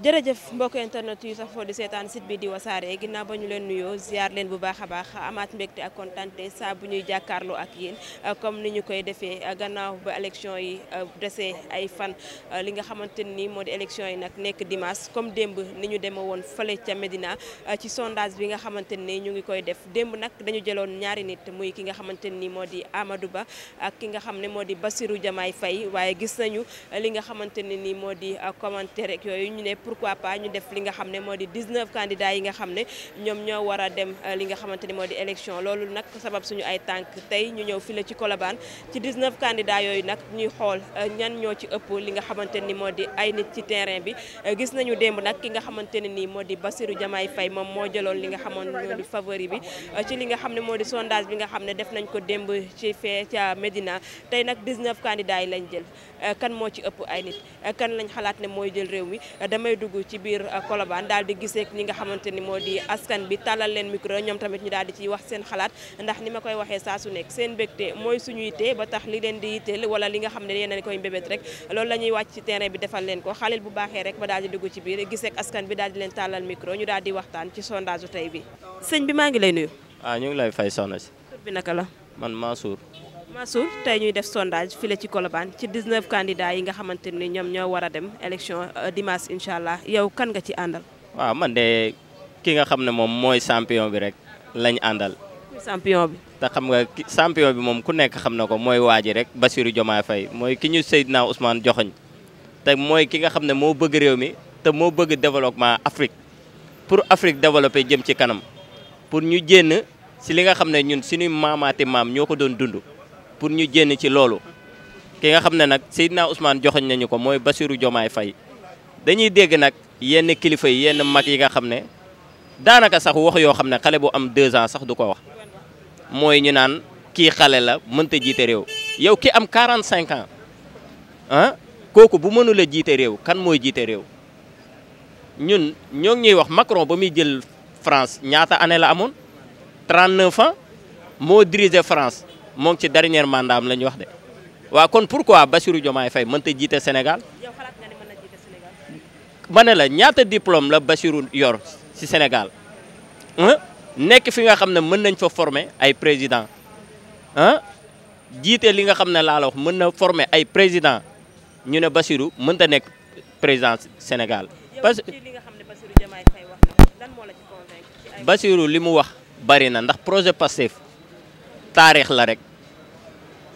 jërëjëf mbokk internet yu sax foo di seetaan site bi di wasaare ginnaaw ba ñu leen nuyoo ziar leen bu baax a baax amaat mbégte ak kontante saa bu ñuy jàkkaarloo ak yéen comme ni ñu koy defee gannaaw ba élection yi euh, desee ay fan euh, li nga xamante ni moo di élection yi nag nekk dimanche comme démb ni ñu deme woon fële ca Médina euh, ci sondage bi nga xamante ni ñu ngi koy def démb nag dañu jëloon ñaari nit muy ki nga xamante ni moo di amadu Ba ak ki nga xam ne moo di Bassirou Diomaye fay waaye gis nañu li nga xamante ne ni moo di commentaire rek yooyu ñu ne pourquoi pas ñu def li nga xam ne moo di 19 candidats yi nga xam ne ñoom ñoo war a dem euh, li nga xamante ni moo di élection loolu nag sabab suñu ay tànk tey ñu ñëw fi la ci Colobane ci 19 candidats yooyu nag ñuy xool euh, ñan ñoo ci ëpp li nga xamante ni moo di ay nit ci terrain bi euh, gis nañu démb nag ki nga xamante ne nii moo di Bassirou Diomaye Faye moom moo jëloon li nga xamante moo di favori bi ci li nga xam ne moo di sondage bi nga xam ne def nañ ko démb ci fee ca Médina tey nag 19 candidats yi lañ jël kan moo ci ëpp ay nit dugg ci biir euh, Colobane daal di gisee ak ñi nga xamante ni moo di askan bi tàllal leen micro ñoom tamit ñu daal di ci wax seen xalaat ndax ni ma koy waxee saa su nekk seen mbégte mooy suñuy yitte ba tax li leen di yitteel wala li nga xam ne yéen a koy mbébét rek loolu la ñuy wàcc ci terrain bi defal leen ko xalil bu baaxee rek ba daal di dugg ci biir gisee ak askan bi daal di leen tàllal micro ñu daal di waxtaan ci sondage tey bi sëñ bi maa ngi lay nuyu. ah ñu ngi lay fay soxna si. bi naka la. man Mansour. Mansour tey ñuy def sondage fii ci Colobane ci 19 candidats yi nga xamante ni ñoom ñoo war a dem élection euh, dimanche incha allah yow kan nga ci àndal. waaw man de ki nga xam ne moom mooy champion bi rek lañ àndal. champion bi. te xam nga champion bi moom ku nekk xam na ko mooy waa ji rek Bassirou Diomaye fay mooy ki ñu Seydina Ousmane joxoñ te mooy ki nga xam ne moo bëgg réew mi te moo bëgg développement Afrique pour Afrique développer jëm ci kanam pour ñu jénn si li nga xam ne ñun suñuy maamaati maam ñoo ko doon dund. pour ñu génn ci loolu ki nga xam ne nag Seydina Ousmane joxoñ nañu ko mooy Bassirou Diomaye fay dañuy dégg nag yenn kilifa yi yenn mag yi nga xam ne daanaka sax wax yoo xam ne xale bu am deux ans sax du ko wax mooy ñu naan kii xale la mënta jiite réew yow ki am 45 ans ah kooku bu mënula jiite réew kan mooy jiite réew ñun ñoo ngi ñuy wax Macron ba muy jël France ñaata année la amoon 39 ans moo dirigé France moo ngi ci dernier mandat am la ñu wax de waaw kon pourquoi Bassirou Diomaye Faye mënta jiite Sénégal ma ne la ñaata diplôme la Bassirou yor ci Sénégal nekk fi nga xam ne mën nañ fa former ay président ah jiite li nga xam ne laa la wax mën na former ay président ñu ne Bassirou mënta nekk président Sénégal parce que Bassirou li mu wax bari na ndax projet Pastef taarix la rek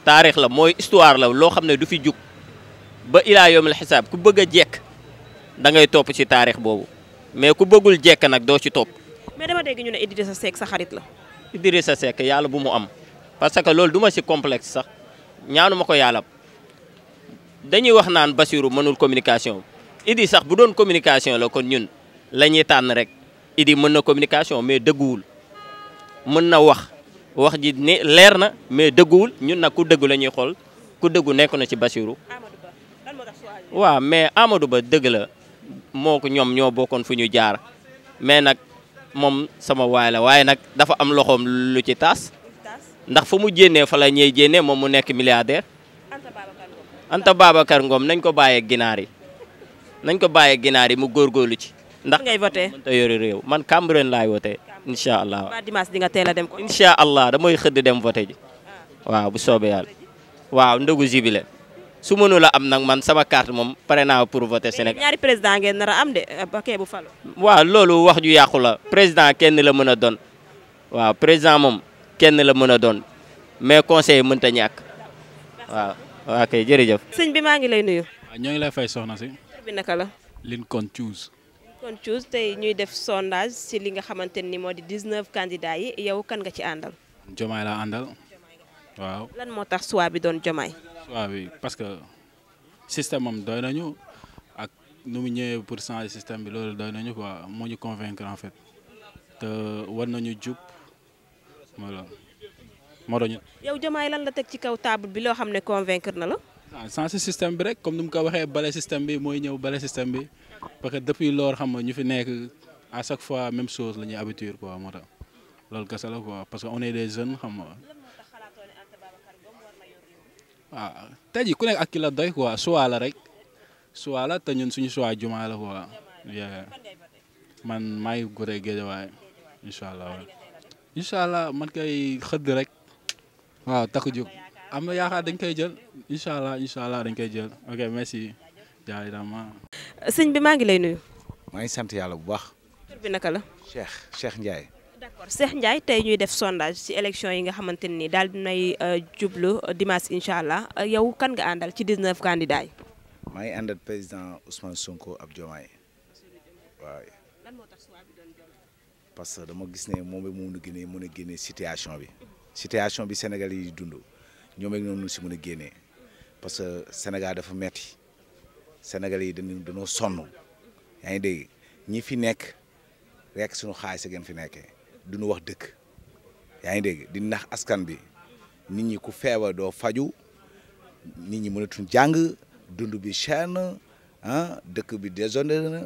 taarix la mooy histoire la loo xam ne du fi jug ba ilaa la xisaab ku bëgg a jekk da ngay topp ci taarix boobu mais ku bëggul jekk nag doo ci topp. mais dama dégg ñu ne Idrissa Seck sa xarit la. sa Seck yàlla bu mu am parce que loolu duma ma si complexe sax ñaanu ma ko yàlla dañuy wax naan Bassirou mënul communication Idi sax bu doon communication la kon ñun lañuy tànn rek Idi mën na communication mais dëgguwul mën na wax. wax ji ni leer na mais dëgguwul ñun nag ku dëggu la ñuy xool ku dëggu nekk na ci Bassirou waaw mais Amadou Ba dëgg la moo ko ñoom ñoo bokkoon fu ñu jaar mais nag moom sama waay la waaye nag dafa am loxoom lu ci taas ndax fu mu jénnee fa la ñuy jénnee moom mu nekk milliardaire Anta baabakar ngoom nañ ko bàyyee ginaar yi nañ ko bàyyee ginaar yi mu góor góor lu ci. ndax ngay voté mënta yore réew man Cambérène laay wootee. incha allah waaw dimanche di nga teel dem ko. incha allah damay xëdd dem voté ji waaw bu soobee yàlla waaw ndogu jibile su mënula am nag man sama carte moom pare naa pour voter Sénégal. président ngeen nar a de ba kee bu falo. waaw loolu wax ju yàqu la président kenn la mën a doon waaw président moom kenn la mën a doon mais conseil mënta ñàkk waaw. waaw kay jërëjëf. sëñ bi maa ngi lay nuyu. la. Lincoln kon Choose tey ñuy def sondage si li nga xamante ni moo di 19 candidats yi yow kan nga ci àndal. Jomaay laa àndal. waaw lan moo tax choix bi doon Jomaay. choix bi parce que système am doy nañu ak nu mu ñëwee pour changer système bi loolu doy nañu quoi moo ñu convaincre en fait te war nañu jub voilà moo doon ñu. yow Jomaay lan la teg ci kaw table bi loo xam ne convaincre na la. ah changer système bi rek comme ni mu ko waxee bale système bi mooy ñëw bale système bi. parce que depuis loolu xam nga ñu fi nekk à chaque fois même chose la ñuy habitude quoi moo loolu kese la quoi parce que on est des jeunes xam nga waaw ah, tey jii ku nekk ak ki la doy quoi choix la rek choix la te ñun suñu choix jumaa la quoi man maa ngi góoree Géejawaay incha allah incha allah man kay xëdd rek waaw takku jóg am na yaakaar dañ koy jël incha allah incha allah dañ koy jël ok merci jaay dama sëñ bi maa ngi lay nuyu. maa ngi sant yàlla bu baax. tur bi naka la. Cheikh Cheikh Ndiaye. d'accord Cheikh Ndiaye tey ñuy def sondage ci élection yi nga xamante ni daal dinay euh, jublu dimanche incha allah euh, yow kan nga àndal ci 19 candidats yi. maa ngi àndal président Ousmane Sonko ab Diomaye waaw. moo tax que dama gis ne moom it moo mën a génnee mën situation bi. situation bi Sénégal yi dund ñoom it ñoo mën a génnee parce que Sénégal dafa metti Sénégalais yi dañu dañoo sonn yaa ngi dégg ñi fi nekk rek suñu xaalis ngeen fi nekkee duñu wax dëkk yaa ngi dégg di nax askan bi nit ñi ku feebar doo faju nit ñi mënatuñ jàng dund bi cher ah, dëkk bi désordonné na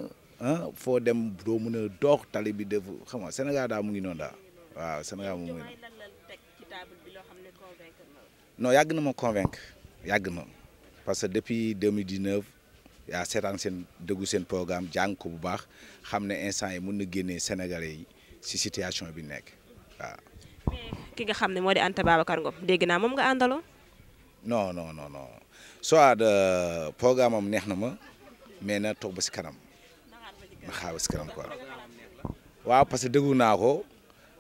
ah, foo dem doo mën a dox tali bi def xam Sénégal daa mu ngi noonu daal waaw Sénégal mu ngi non yàgg na ma convaincre yàgg na parce depuis yaa seetaan seen déggu seen programme jàng ko bu baax xam ne instant yi mën na génnee Sénégalais yi si situation bi nekk waaw. ki nga xam ne moo di Anta Babacar Ngom dégg naa moom nga àndaloo. non non non soit euh, programme am neex na ma mais na toog ba si kanam na xaar ba si kanam quoi waaw parce que déglu naa ko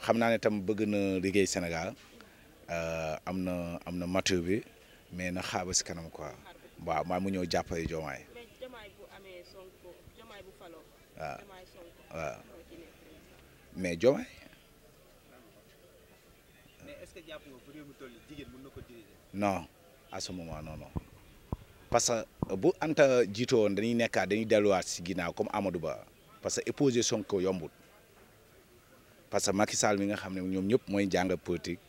xam naa ne tam bëgg na liggéey Sénégal euh, am na am na mature bi mais na xaar si kanam quoi waaw maa mu ñëw jàppale Diomaye waaw waaw mais Diomaye. non à ce moment non non que bu Anta jiitoo woon dañuy nekkaat dañuy delluwaat si ginnaaw comme Amadou Ba parce que épouser Sonko yombut parce que Macky Sall mi nga xam ne ñoom ñëpp mooy jàng politique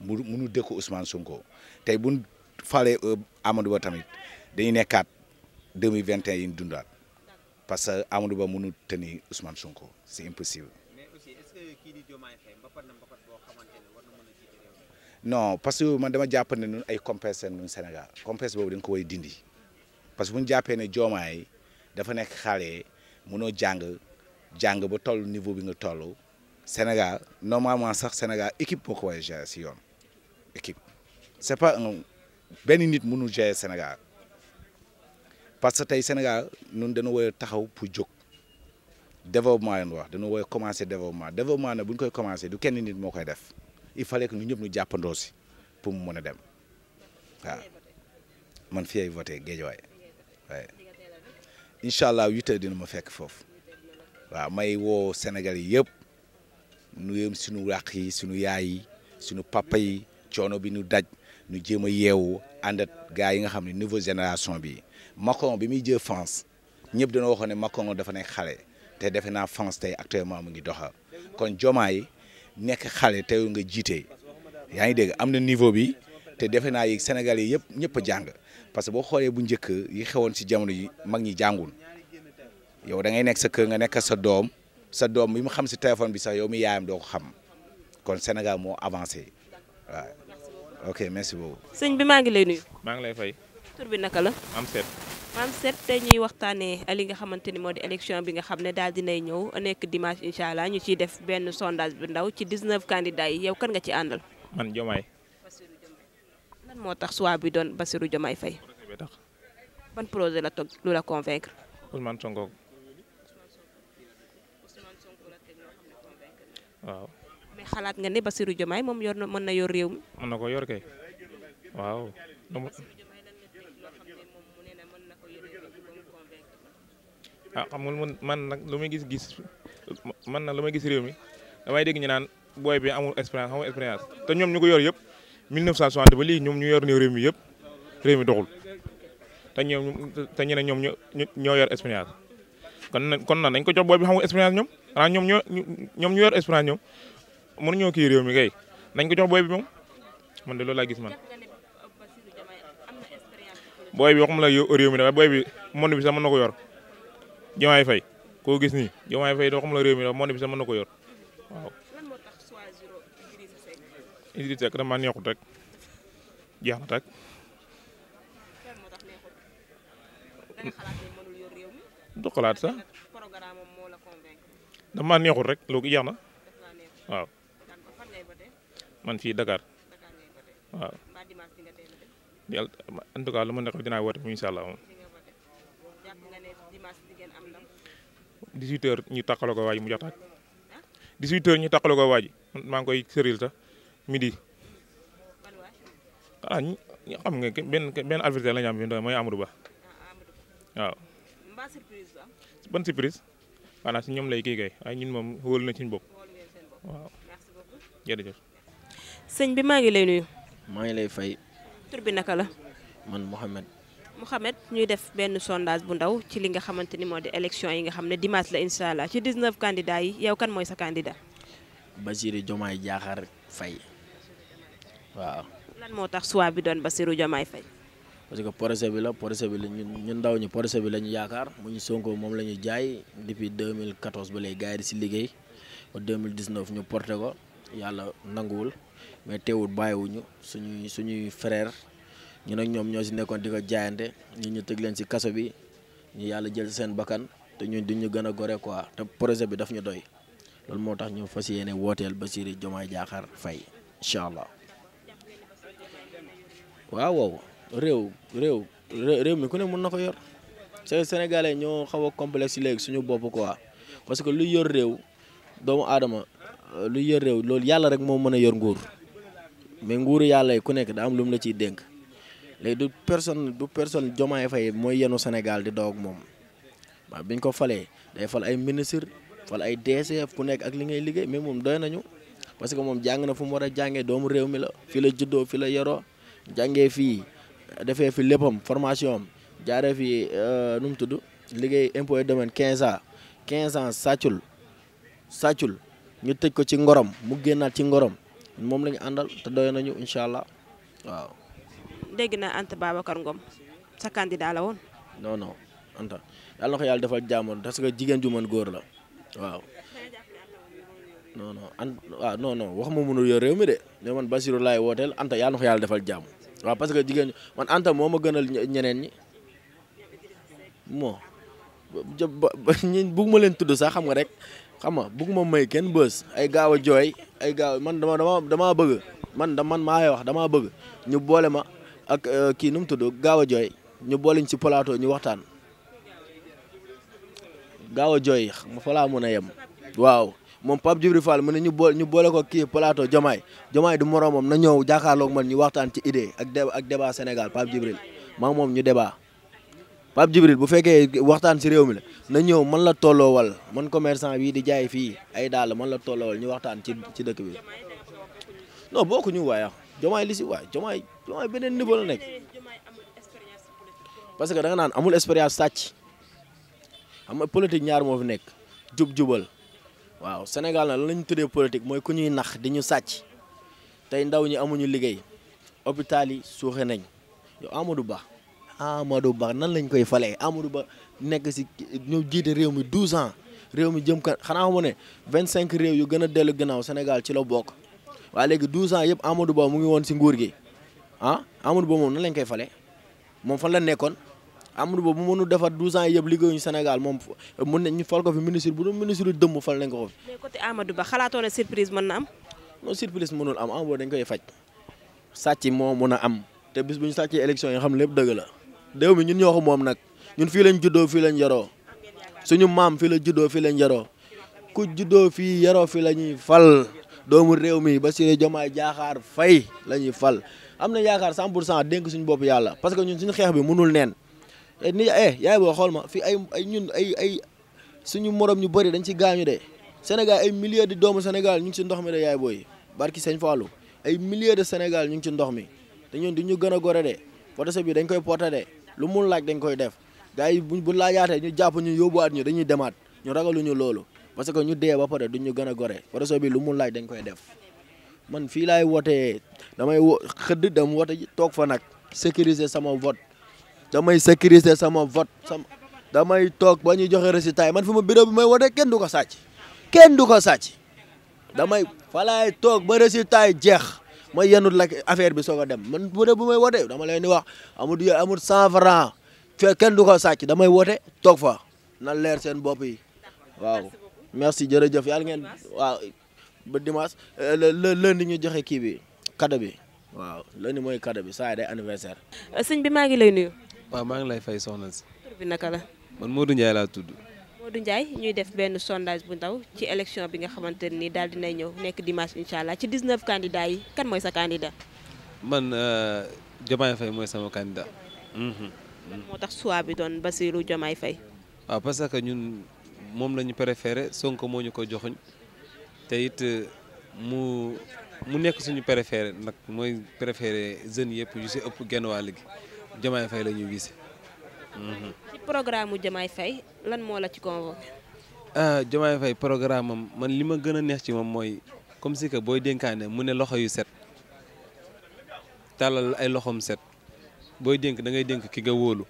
mu munu dëkku Ousmane Sonko tey bu falee euh, Amadou Ba tamit dañuy nekkaat 2021 yi ñu dundaat. parce que Amadou Ba mënul tenir Ousmane Sonko c' est impossible. mais non parce que man dama jàpp ne ñun ay complexe ñun Sénégal complexe boobu dañ ko koy dindi parce que bu ñu jàppee ne Diomaye dafa nekk xale mënoo jàng jàng ba toll niveau bi nga toll Sénégal normalement sax Sénégal équipe boo ko way gérer si yoon équipe c' pas un benn nit mënul gérer Sénégal. parce que tey Sénégal ñun dañu woy taxaw pour jóg développement la wax dañu woy commencer développement développement nag bu ñu koy commencer du kenn nit moo koy def il fallait que ñu jàppandoo si pour mu mën a dem waaw man fi ay voté Guédiawaye waaye incha allah huit heures dina ma fekk foofu waaw may woo Sénégal yi yëpp nu yëm suñu ràq yi suñu yaay yi suñu papa yi coono bi nu daj ñu jéem a yeewu ànd gars yi nga xam ne nouveau génération bi Macron bi muy jë France ñëpp dañoo waxoon ne Macron dafa nekk xale te defe naa France tey actuellement mu ngi doxal kon Diomaye nekk xale tey nga jiitee yaa ngi dégg am na niveau bi te defe naa yi Sénégal yi yëpp ñëpp jàng parce que boo xoolee bu njëkk yi xewoon si jamono yi mag ñi jàngul yow da ngay nekk sa kër nga nekk sa doom sa doom bi mu xam si téléphone bi sax yow mi yaayam doo ko xam kon Sénégal moo avancé waaw ok merci beaucoup. sëñ bi maa ngi lay nuyu. maa ngi la. maam set tey ñuy waxtaanee li nga xamante ni moo di élection bi nga xam ne daal dinay ñëw nekk dimanche incha allah ñu ciy def benn sondage bu ndaw ci 19 candidats yi yow kan nga ci àndal. man Diomaye. moo tax choix bi doon Bassirou Diomaye Faye. man projet la toog lu la convaincre. Ousmane waaw. mais xalaat nga ne basiru Diomaye moom yor na mën na yor réew mi. mën na ko yor kay waaw. ah xam nga man nag lu may gis-gis man nag lu may gis réew mi damay dégg ñu naan booy bi amul expérience amul expérience te ñoom ñu ko yor yëpp 1960 ba lii ñoom ñu yor ne réew mi yëpp réew mi doxul te ñoom ñu ne ñoom ñoo na kon na dañ ko jox bi xamul expérience ñoom ñoom ñoo ñoom ñu yor expérience ñoom mënuñoo kii réew mi kay nañ ko jox booy bi moom man loolu laa gis man. booy bi waxuma la réew mi dafay booy bi monde bi sax mën na ko yor. Diomaye Faye koo gis ni Diomaye Faye doo xam la réew mi moo ne bi sax mën na ko yor waaw. Idrissa Seck dama neexut rek jeex na tak du xalaat neexut rek loolu jeex na waaw man fii Dakar waaw yàlla en tout cas lu ma neexal dinaa woote incha allah moom. 18 heures ñu taqaloo ko waa mu jox taaj 18 heures ñu taqaloo ko waa maa ngi koy sëril sax midi ah ñu xam nga benn benn adversaire la ñu am bi mooy Amadou Ba ah, waaw. ban surprise maanaam si ñoom lay kii kay ay ñun moom wóolu na suñu bopp waaw jërëjëf. bi maa ngi lay nuyu. maa lay fay. tur bi naka la. Mouhamed ñuy def benn sondage bu ndaw ci li nga xamante ni moo di élection yi nga xam ne dimanche la incha allah ci 19 candidats yi yow kan mooy sa candidat. Bassirou Diomaye Diakhar Faye waaw. lan moo tax choix bi doon Bassirou Diomaye Faye. parce que projet bi la projet bi la ñun ndaw ñi projet bi la ñu yaakaar mu ñu Sonko moom la ñu jaay depuis 2014 ba léegi gars yi di si liggéey ba 2019 ñu porté ko yàlla nanguwul mais teewul bàyyiwuñu suñuy suñuy frère. ñu nag ñoom ñoo si nekkoon di ko jaayante ñu ñu tëj leen si kaso bi ñu yàlla jël seen bakkan te ñu di ñu gën a gore quoi te projet bi daf ñu doy loolu moo tax ñu fas yéene wooteel Bassirou Diomaye Diakhar Faye incha allah waaw réew réew réew mi ku ne mën na ko yor c'est sénégalais ñoo xaw a complexe léegi suñu bopp quoi parce que lu yor réew doomu aadama lu yor réew loolu yàlla rek moo mën a yor nguur mais nguur yàlla yi ku nekk daa am lu mu la ciy dénk. léegi du personne du personne Diomaye Faye mooy yenu Sénégal di doog moom waaw biñ ko falee day fal ay ministre fal ay DCF ku nekk ak li ngay liggéey mais moom doy nañu parce que moom jàng na fu mu war a jàngee doomu réew mi la fi la juddoo fi la yoroo jàngee fii defee fi léppam formation am jaaree fi euh, nu mu tudd liggéey impo domaine 15 ans 15 ans sàccul saccul ñu tëj ko ci ngorom mu génnaat ci ngorom moom la ñu àndal te doy nañu incha allah waaw. dégg naa Anta Babacar Ngom sa candidat la woon. non non Anta yàlla na ko yàlla defal jàmm parce que jigéen ju mën góor la waaw. non no Anta waaw non non wax ma mënul yor réew mi de mais man Basirou laay wooteel Anta yàlla na ko yàlla defal jàmm waaw parce que jigéen man Anta moo ma gënal ñeneen ñi moo ba ma leen tudd sax xam nga rek xam nga bëgg ma may kenn bës ay gaaw a jooy ay gaaw man dama dama bëgg man da man maa wax dama bëgg ñu boole ma. ak euh, kii nu mu tudd gaaw a jooy ñu booliñ ci plateau ñu waxtaan gaaw a jooy ma fa laa a yem waaw moom Pape Djibril Fall mu ne ñu boole ñu boole ko kii plateau Jomaay Jomaay du moroomam na ñëw jàkkaarloog man ñu waxtaan ci idée ak dé ak débat Sénégal Pape Djibril maa moom ñu debaa Pape Djibril bu fekkee waxtaan si réew mi la na ñëw man la tolloowal man commerçant bii di jaay fii ay daal man la tolloowal ñu waxtaan ci ci dëkk bi non bokku ñu waaye jomaay li si waa jomaay jomaay beneen niveau la nekk parce que da naan amul expérience sàcc am nga politique ñaar moo fi nekk jub-jubal waaw Sénégal na la ñu tuddee politique mooy ku ñuy nax di ñu sàcc tey ndaw ñi amuñu liggéey hôpital yi suuxe nañ yow Amadou Ba Amadou Ba nan lañ koy falee Amadou Ba nekk si ñu jiite réew mi 12 ans réew mi jëm kan xanaa mu ne cinq réew yu gën a dellu gannaaw Sénégal ci la bokk waaye léegi 12 ans yëpp Amadou Ba mu ngi woon si nguur gi ah Amadou Ba moom nan lañ koy fale moom fan la nekkoon Amadou Ba bu mënu defar 12 ans yëpp liggéeyuñu Sénégal moom mun nañ ñu fal ko fi ministre bu doon ministre dëmm fal nañ ko fi. mais côté Amadou Ba xalaatoo na am. non surprise mënul am Amadou Ba dañ koy faj sàcc moo mun a am te bis bu ñu sàccee élection yi xam lépp dëgg la déew mi ñun ñoo ko moom nag ñun fii lañ juddoo fii lañ yaroo suñu maam fii la juddoo fii lañ yaroo ku juddoo fii yaroo fii la ñuy fal. doomu réew mi Bassirou Diomaye Diakhar Faye la ñuy fal am na yaakaar 100 pour cent dénk suñu bopp yàlla parce que ñun suñu xeex bi mënul neen eh, ni eh, yaay boo xool ma fii ay ay ñun ay ay suñu morom ñu bëri dañ ci gaañu de senegal ay milliers de doomu Sénégal ñu ngi ci ndox mi de yaay booy barki Sëñ Fallou ay milliers de Sénégal ñu ngi ci ndox mi te ñun ñu gën a gore de projet bi dañ koy porté de lu mun laaj dañ koy def gars yi bu bu laajaatee ñu jàpp ñu yóbbuwaat ñu dañuy demaat ñu ragaluñu loolu parce que ñu dee ba pare du ñu gën a gore réseau bi lu mu laaj dañ koy def man fii laay wootee damay wo xëdd dem woote toog fa nag sécuriser sama vote damay sécuriser sama vote sama damay toog ba ñuy joxe résultat yi man fi ma bureau bi may wootee kenn du ko sàcc kenn du ko sàcc damay fa toog ba résultat yi jeex ma yenut la affaire bi soog a dem man bureau bu may wootee dama leen di wax amul amul cent franc du ko sàcc damay woote toog fa na leer seen bopp yi merci jërëjëf yàlla ngeen. waaw ba dimanche. Euh, le lundi ñu joxe kii bi cadeau bi waaw lundi mooy cadeau bi saa yi day anniversaire. Euh, sëñ bi maa ngi lay nuyu. waaw maa ngi lay fay soxna si. bi naka la. man Modou Ndiaye laa tudd. Modou Ndiaye ñuy def benn sondage bu ndaw ci élection bi nga xamante ne nii daal dinay ñëw nekk dimanche incha allah ci 19 candidats yi kan mooy sa candidat. man euh, Diomaye fay mooy sama candidat. lan moo tax choix bi doon Basirou Diomaye Faye. waaw parce que ñun. moom la ñu préféré Sonko moo ñu ko joxuñ te it euh, mu mu nekk suñu préféré nag mooy préféré jeunes yëpp yu si ëpp genn wàll gi Diomaye Faye la ñu wise mhm. ci programme mu Diomaye Faye lan moo la ci convoqué. ah Diomaye Faye programme am man li ma gën a neex ci moom mooy comme si que booy dénkaane mu ne loxo yu set tàllal ay loxoom set booy dénk dangay dénk ki nga wóolu.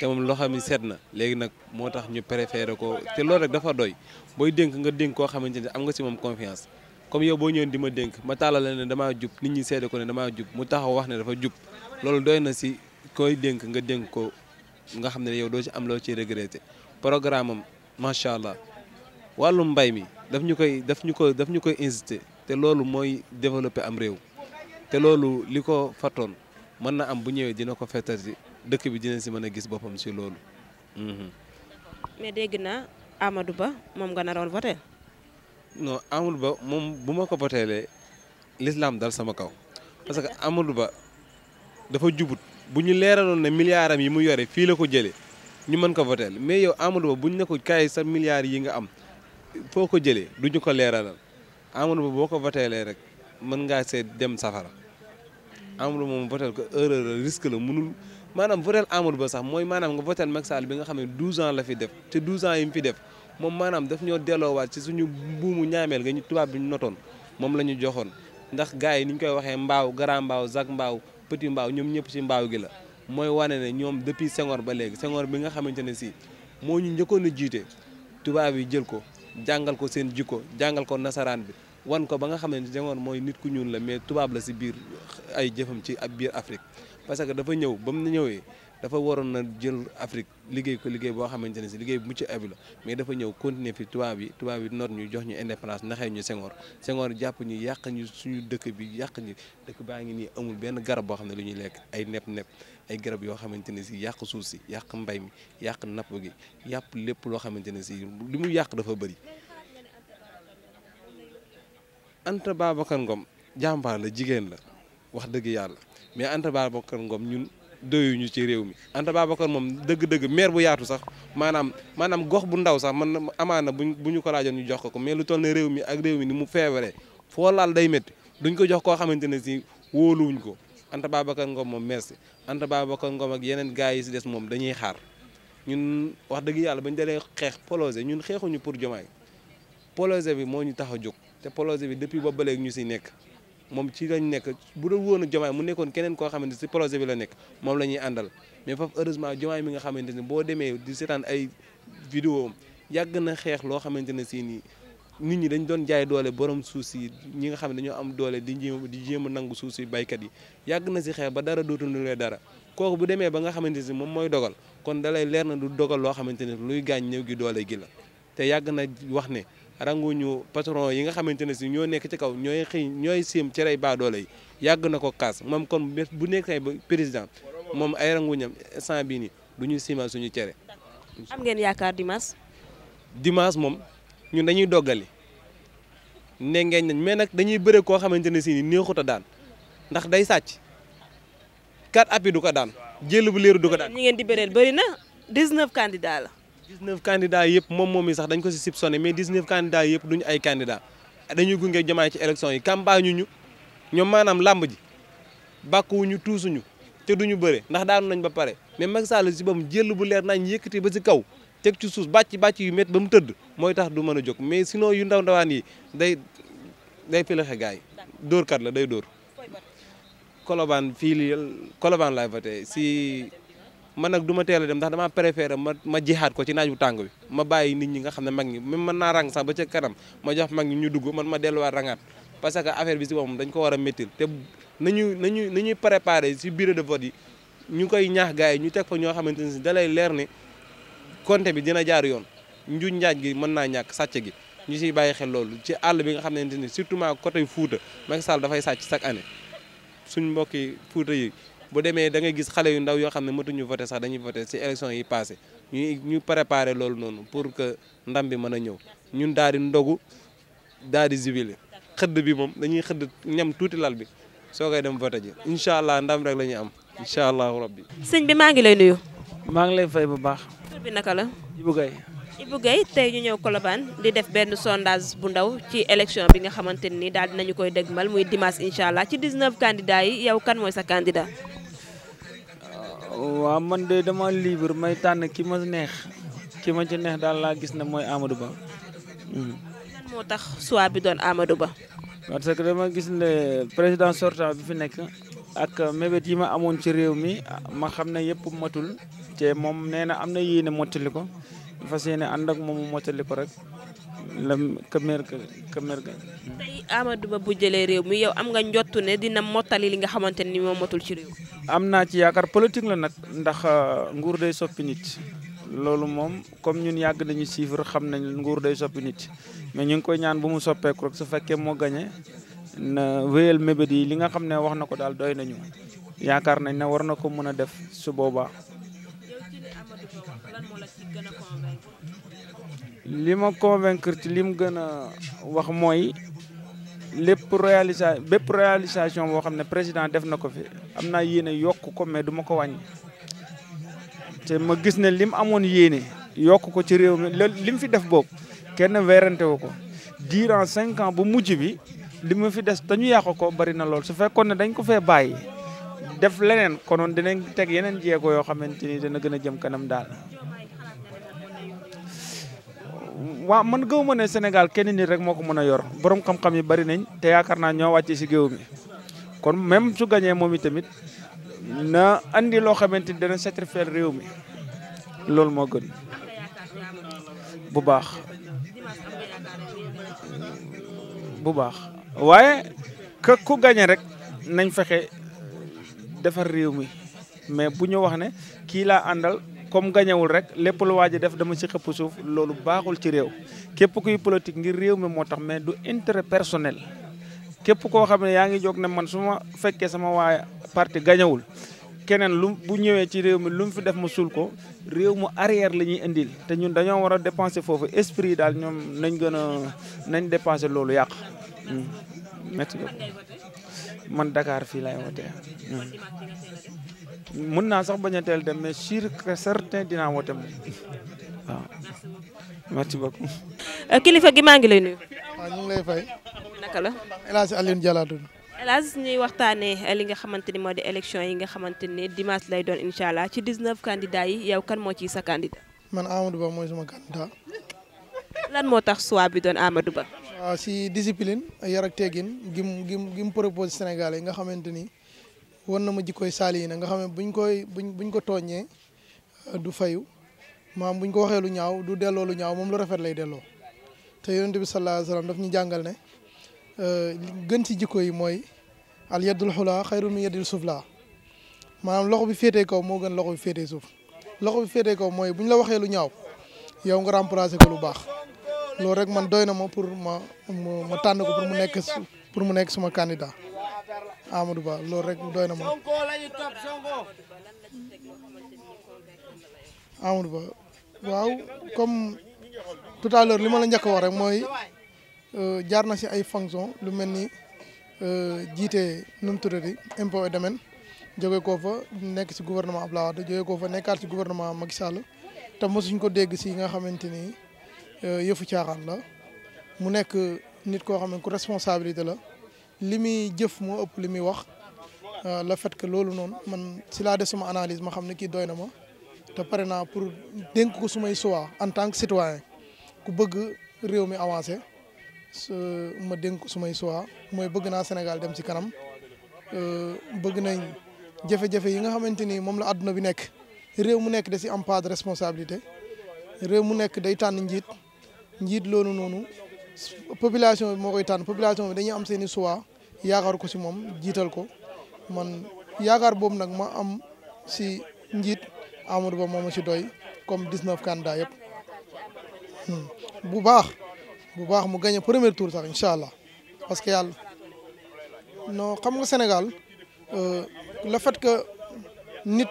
te moom loo xam ne seet na léegi nag moo tax ñu préféré ko te loolu rek dafa doy booy dénk nga dénk koo xamante ne am nga si moom confiance comme yow boo ñëwoon di ma dénk ma tàllal ne damaa jub nit ñi seede ko ne damaa jub mu taxaw wax ne dafa jub loolu doy na si koy dénk nga dénk ko nga xam ne yow doo ci am loo ciy regretté programme am macha allah wàllu mbay mi daf ñu koy daf ñu ko daf ñu koy incité te loolu mooy développé am réew te loolu li ko fattoon mën na am bu ñëwee dina ko fettarsi dëkk bi dina si mën a gis boppam si loolu. Mhm. mais dégg naa Amadou Ba moom nga naroon voté. non Ba moom bu ma ko voteelee l'islam dal sama kaw parce que Amadou Ba dafa jubut bu ñu leeraloon ne milliards am yi mu yore fii la ko jëlee ñu mën ko voteel mais yow Amadou Ba bu ñu ne ko kaay sa milliards yi nga am foo ko jëlee du ñu ko leeralal Amadou boo ko voteelee rek mën ngaa seet dem safara Amadou moom voteel ko erreur risque la mënul. maanaam votel Amadou Ba sax mooy maanaam nga votel Macky Sall bi nga xam ne 12 ans la fi def te 12 ans yi mu fi def moom maanaam daf ñoo delloowaat ci suñu buumu ñaameel nga ñu tubaab bi ñu notoon moom la ñu joxoon ndax gars yi ni koy waxee mbaaw grand mbaaw zac mbaaw petit mbaaw ñoom ñëpp ci mbaaw gi la mooy wane ne ñoom depuis Senghor ba léegi Senghor bi nga xamante ne si moo ñu njëkkoon a jiite tubaab yi jël ko jàngal ko seen jikko jàngal ko nasaraan bi wan ko ba nga xam ne mooy nit ku ñuul la mais tubaab la si biir ay jëfam ci ab biir Afrique parce que dafa ñëw ba mu ñëwee dafa waroon na jël Afrique liggéey ko liggéey boo xamante ne si liggéey bu mucc ayib la mais dafa ñëw continuer fi tubaab yi tubaab yi noot ñu jox ñu indépendance naxee ñu Senghor Senghor jàpp ñu yàq ñu suñu dëkk bi yàq ñu dëkk baa ngi nii amul benn garab boo xam ne lu ñuy lekk ay nepp-nepp ay garab yoo xamante ne si yàq suuf si yàq mbay mi yàq napp gi yàpp lépp loo xamante ne si li mu yàq dafa bëri Anta Babacar Ngom jàmbaar jigéen la wax dëgg yàlla mais Anta Babacar Ngom ñun doyuñu ci réew mi Anta Babacar moom dëgg-dëgg maire bu yaatu sax maanaam maanaam gox bu ndaw sax man amaana buñ bu ñu ko laajoon ñu jox ko ko mais lu toll ne réew mi ak réew mi ni mu feebare foo laal day métti duñ ko jox koo xamante ne si wóoluwuñ ko Anta Babacar Ngom moom merci Anta Babacar Ngom ak yeneen gars yi si des moom dañuy xaar ñun wax dëgg yàlla bañ dalee xeex projet ñun xeexuñu pour Diomaye projet bi moo ñu tax a jóg te projet bi depuis boobu ba léegi ñu si nekk moom ci lañ nekk bu dul woon ak Jomaay mu nekkoon keneen koo xamante si projet bi la nekk moom la ñuy àndal mais foofu heureusement Jomaay mi nga xamante ni boo demee di seetaan ay vidéo am yàgg na xeex loo xamante ne si nii nit ñi dañ doon jaay doole borom suuf si ñi nga xam ne dañoo am doole di jéem di jéem a nangu suuf si baykat yi yàgg na si xeex ba dara dootul nulee dara kooku bu demee ba nga xamante si moom mooy dogal kon dalay leer na du dogal loo xamante ne luy gaañ ñëw gi doole gi la te yàgg na wax ne ranguñu patron yi nga xamante ne si ñoo nekk ci kaw ñooy xëy ñooy siim cerey baadoole yi yàgg na ko kaas moom kon bu nekk ay président moom ay ranguñam instant bii nii du ñu siimal suñu cere. am ngeen yaakaar dimanche. dimanche moom ñun dañuy doggali ne ngeen nañ mais nag dañuy bëre koo xamante ne si nii a daan ndax day sàcc quatre appuis du ko daan jël bu leer du ko daan. ñi ngeen di bëreel bëri na 19 candidats la. 19 candidats yëpp moom moom yi sax dañ ko si soupçonné mais 19 candidats yëpp duñu ay candidats dañuy gunge Diomaye ci élection yi campagne ñu ñoom maanaam làmb ji bàkkuwuñu tuusuñu te duñu bëre ndax daan nañ ba pare mais Macky Sall si bam jël bu leer nañ te ba si kaw teg ci suuf bàcc bàcc yu métti ba mu tëdd mooy tax du mën a jog mais si sinon yu ndaw ndawaan yi day day pilaxe gars yi dóorkat la day dóor Colobane fii li Colobane laay voté si man nag du ma teel dem ndax dama préféré ma ma jihaat ko ci naaj bu tàng bi ma bàyyi nit ñi nga xam ne mag ñi même man naa rang sax ba ca kanam ma jox mag ñi ñu dugg man ma delluwaat rangaat parce que affaire bi si boppam dañ ko war a méttil te nañu nañu nañuy préparé si bureau de vote yi ñu koy ñaax gars yi ñu teg fa ñoo xamante ne si da leer ne compte bi dina jaar yoon njuñ njaaj gi mën naa ñàkk sàcc gi ñu siy bàyyi xel loolu ci àll bi nga xamante ni surtout ma côté Fuuta Macky Sall dafay sàcc chaque année suñ mbokki Fuuta yi bu demee da ngay gis xale yu ndaw yoo xam ne matuñu voté sax dañuy voté ci élection yi passé ñu ñu loolu noonu pour que ndam bi mën a ñëw ñun daal di ndogu daal di jubile xëdd bi moom dañuy xëdd ñam tuuti lal bi soo koy dem voté ji incha allah ndam rek la ñuy am incha allahu rabbi. sëñ bi maa ngi lay nuyu. maa ngi lay fay bu baax. naka la. Ibou Guèye. Ibou Guèye tey ñu ñëw Colobane di def benn sondage bu ndaw ci élection bi nga xamante ni daal dinañu koy dégmal muy dimanche incha allah ci 19 candidats yi yow kan mooy sa candidat. waaw man de dama libre may tànn kii ma neex kii ma ci neex daal laa gis ne mooy Amadou Ba. Hmm. lan tax choix bi Ba. parce que dama gis ne président sorta bi fi nekk ak mébét yi ma amoon ci réew mi ma xam ne yëpp matul te moom nee na am na yéene mottali ko fas yéene ànd ak moom mottali ko rek. la këmer këmer tey Amadou Ba bu jëlee réew mi yow am nga njottu ne dina mottali li nga xamante ni moom motul ci réew am naa ci yaakaar politique la nag ndax euh, nguur day soppi nit loolu moom comme ñun yàgg nañu suivre xam nañ nguur day soppi nit mais ñu ngi koy ñaan bu mu soppeeku rek su fekkee moo gañe na wéyal mébét yi li nga xam ne wax na ko daal doy nañu yaakaar nañ ne war na ko mën a def su booba li ma convaincre ci li mu gën a wax mooy lépp réalisa bépp réalisation boo xam ne président def na ko fi am naa yéene yokk ko mais duma ko wañ te ma gis ne lim amoon yéene yokk ko ci réew mi li mu fi def boobu kenn werante wu ko durant cinq ans bu mujj bi li mu fi des dañu yàq ko bari na lool su fekkoon ne dañ ko fee bàyyi def leneen konoon dinañ teg yeneen jéego yoo xamante ni dina gën a jëm kanam daal waaw mën gëw ma ne Sénégal kenn nit rek moo ko mën a yor borom xam-xam yi bari nañ te yaakaar naa ñoo wàccee si géew mi kon même su gañee moom yi tamit na andi loo xamante ni dana satisfaire réew mi loolu moo gën bu baax bu baax waaye que ku gañe rek nañ fexe defar réew mi mais bu ñu wax ne kii laa àndal comme gañewul rek lépp lu waaj a def dama ci xëpp suuf loolu baaxul ci réew képp kuy politique ngir réew mi moo tax mais du intérêt personnel képp koo xam ne yaa ngi jóg ne man suma ma fekkee sama waa parti gañewul keneen lu bu ñëwee ci réew mi lu mu fi def ma suul ko réew mu arrière la ñuy indil te ñun dañoo war a dépenser foofu esprit daal ñoom nañ gën a nañ dépenser loolu yàq. Hmm. merci beaucoup man Dakar fii laay wootee. Hmm. mun naa sax bañ a teel dem mais sûr que certain dinaa woote moom euh, kilifa gi maa ngi lay nuyu. waaw ñu ngi lay fay. naka la. El Hadj Alioune Diallo ñuy waxtaanee euh, li nga xamante ni moo di élection yi nga xamante ni dimanche lay doon incha allah ci 19 candidats yi yow kan moo ciy sa candidat. man Amadou Ba mooy sama candidat. lan moo tax choix bi doon Amadou Ba. waaw si discipline yar ak gim propose Sénégal yi nga xamante ni. war na ma jikkooy saali yi na nga xam ne buñ koy buñ buñ ko tooñee euh, du fayu maam buñ ko waxee lu ñaaw du delloo lu ñaaw moom lu rafet lay delloo te yonent bi sallallahu alayhi ñu jàngal ne euh, gën ci jikko yi mooy al yaddul xulaa xayrun min yaddil suflaa maanaam loxo bi féetee kaw moo gën loxo bi féetee suuf loxo bi féetee kaw mooy bu ñu la waxee lu ñaaw yow nga remplacer ko lu baax loolu rek man doy na ma pour ma ma tànn ko pour mu nekk pour mu suma candidat Amadou Ba loolu rek doy na ma. Sonko Ba waaw comme tout à l'heure li ma la njëkk wax rek mooy euh, jaar na si ay fonction lu mel ni euh, jiite nu mu di impôt et domaine jóge koo fa nekk si gouvernement Abdoulaye da jóge koo fa nekkaat si gouvernement Macky Sall te mosuñ ko dégg si nga xamante ni euh, yëfu caaxaan la mu nekk nit koo xam ne ku responsabilité la. li muy jëf moo ëpp li muy wax euh, le fait que loolu noonu man si laa def sama analyse ma xam ne kii doy na ma te pare naa pour dénk ko sumay choix en tant que citoyen ku bëgg réew mi avancé ma dénk ko sumay choix mooy bëgg naa Sénégal dem ci kanam euh, bëgg nañ jafe-jafe yi nga xamante ni moom la àdduna bi nekk réew mu nekk da si am part de responsabilité réew mu nekk day tànn njiit njiit loolu noonu population bi moo koy tànn population bi dañuy am seeni choix yaakaar ko si moom jiital ko man yaakaar boobu nag ma am si njiit Amadou Ba moom si doy comme 19 candidats yëpp hmm. bu baax bu baax mu gagné premier tour sax incha allah parce que yàlla noo xam nga Sénégal euh, le fait que nit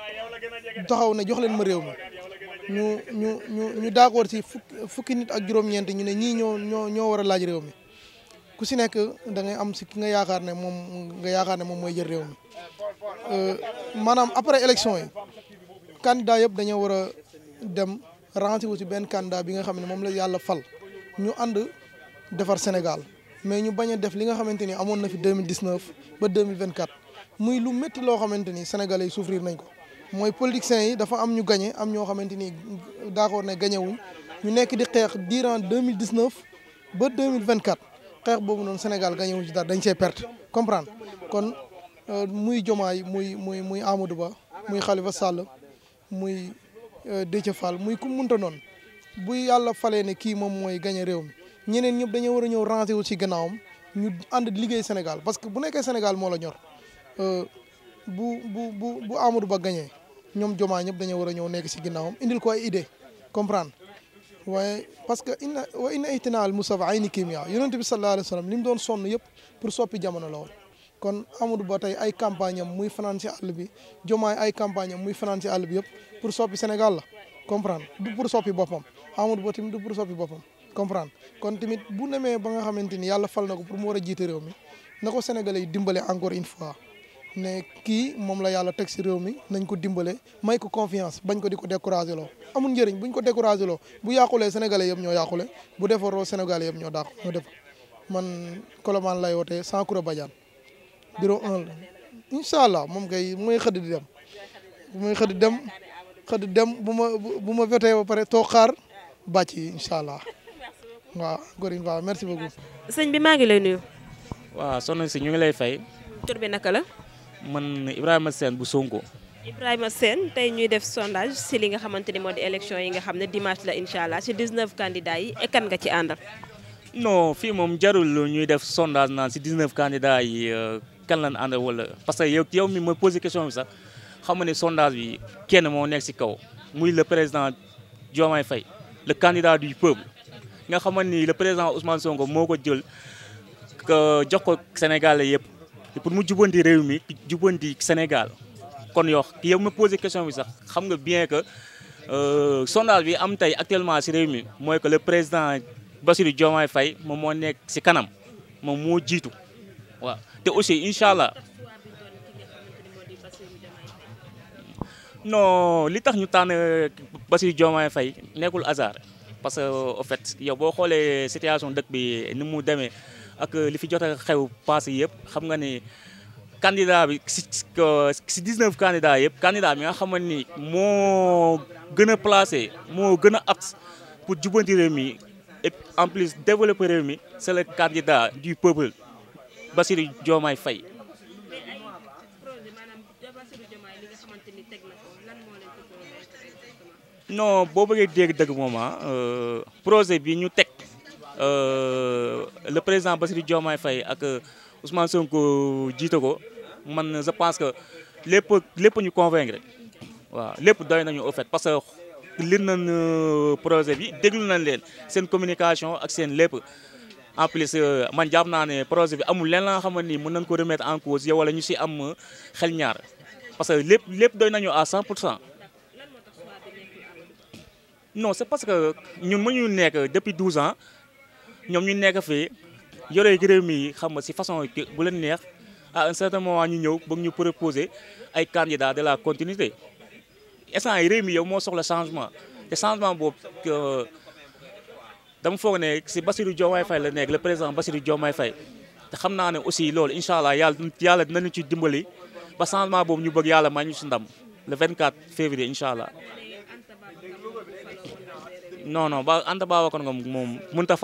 taxaw ne jox leen ma réew mi ñu ñu ñu ñu d'accord si fukki nit ak juróom-ñeent ñu ne ñii ñoo ñoo ñoo war a laaj réew mi. ku si nekk da am si ki nga yaakaar ne moom nga yaakaar ne moom mooy jël réew mi euh, maanaam après élection yi candidat yëpp dañoo war a dem renti wu si benn candidat bi nga xam ne moom la yàlla fal ñu ànd defar Sénégal mais ñu bañ def li nga xamante ni amoon na fi 2019 ba 2024 muy lu métti loo xamante ni sénégalais yi souffrir nañ ko mooy politiciens yi dafa am ñu gagné am ñoo xamante ni d'accord ne gagné wuñ ñu nekk di xeex durant 2019 ba 2024 xeex boobu noonu Sénégal gagné wuñ ci dara dañ see perte comprendre kon euh, muy Diomaye muy muy muy Amadou Ba muy Khalifa Sall muy euh, Déthié Fall muy ku munta noonu bu yàlla falee ne kii moom mooy gagné réew mi ñeneen ñëpp dañoo war a ñëw rangé wu ci gannaawam ñu ànd liggéey Sénégal parce que bu nekkee Sénégal moo la ñor euh, bu bu bu bu Amadou Ba gagné ñoom Diomaye ñëpp dañoo war a ñëw nekk si ginnaawam indil ko ay idée comprendre waaye parce que inna wa inna itinaal Moussa ay ni kimia yonent bi sallallahu la wa sallam mu doon sonn yëpp pour soppi jamono la woon kon Amadou Ba tey ay campagne muy fanaan ci àll bi Diomaye ay campagne muy fanaan ci àll bi yëpp pour soppi Sénégal la comprendre du pour soppi boppam Amadou Ba tamit du pour soppi boppam comprendre kon tamit bu nemee ba nga xamante ni yàlla fal na ko pour mu war a jiite réew mi na ko sénégalais yi dimbale encore une fois ne kii moom la yàlla teg si réew mi nañ ko dimbale may ko confiance bañ ko di ko découragé loo amul njëriñ buñ ko découragé loo bu yàqulee sénégalais yëpp ñoo yàqule bu defaroo sénégalais yëpp ñoo dàq ñoo def man Colobane lay wootee Sankoura Badiane bureau allah moom kay mooy xëdd di dem mooy dem xëdd dem bu ma bu ma votee ba pare toog xaar bàcc yi allah waaw Gorine waaw merci beaucoup. sëñ bi maa ngi lay nuyu. waaw soxna si ñu ngi lay fay. tur bi naka la. man Ibrahima Sène bu Sonko. Ibrahima Sène tey ñuy def sondage si li nga xamante ni moo di élection yi nga xam ne dimanche la incha allah si 19 candidats yi kan nga ci àndal. non fii moom jarul ñuy def sondage naan si 19 candidats yi euh, kan lañ àndal wala parce que yow yow mi ma posé question bi sax xam nga ne sondage bi kenn moo nekk si kaw muy le président Diomaye Faye le candidat du peuple nga xamante ni le président Ousmane Sonko moo ko jël jox ko Sénégalais yëpp. pour mu jubanti réew mi jubanti Sénégal kon yow yow ma posé question bi sax xam nga bien que euh, sondage bi am tey actuellement si réew mi mooy que le président Bassirou Diomaye fay moom moo nekk si kanam moom moo jiitu waaw te aussi incha allah non li tax ñu tànn Bassirou Diomaye fay nekkul hasard parce que au fait yow boo xoolee situation dëkk bi ni mu demee. ak li fi jot a xew passé yëpp xam nga ni candidat bi si si 19 candidat yëpp candidat bi nga xam ni moo gën a placé moo gën a apte pour jubanti réew mi et en plus développer réew mi c'est le candidat du peuple Bassirou Diomaye fay non boo bëggee dégg dëgg moom ah, euh, projet bi ñu teg. Euh, le président Bassirou Diomaye fay ak euh, Ousmane ko jiite ko man je pense que lépp lépp ñu convaincre waaw lépp doy nañu au fait parce que lin nañ euh, projet bi déglu nañ leen seen communication ak seen lépp en plus man jàpp naa ne projet bi amul leen laa xamal nii ni nañ ko remettre en cause yow wala ñu si am xel ñaar parce que lépp lépp doy nañu à cent pour cent non c'est parce que ñun mënuñu nekk depuis 12 ans ñoom ñu nekk fii yore réew mi xam nga si façon bu leen neex à un certain moment ñu ñëw ba ñu proposer ay candidats de la continuité instant yi réew mi yow moo soxla changement te changement boobu dama foog ne si Bassirou Diomaye fay la nekk le président Bassirou Diomaye Faye te xam naa ne aussi loolu incha allah yàlla yàlla ñu ci dimbali ba changement boobu ñu bëgg yàlla may ñu si ndam le 24 février incha allah non non ba Anta Babacar Ngom moom mënut a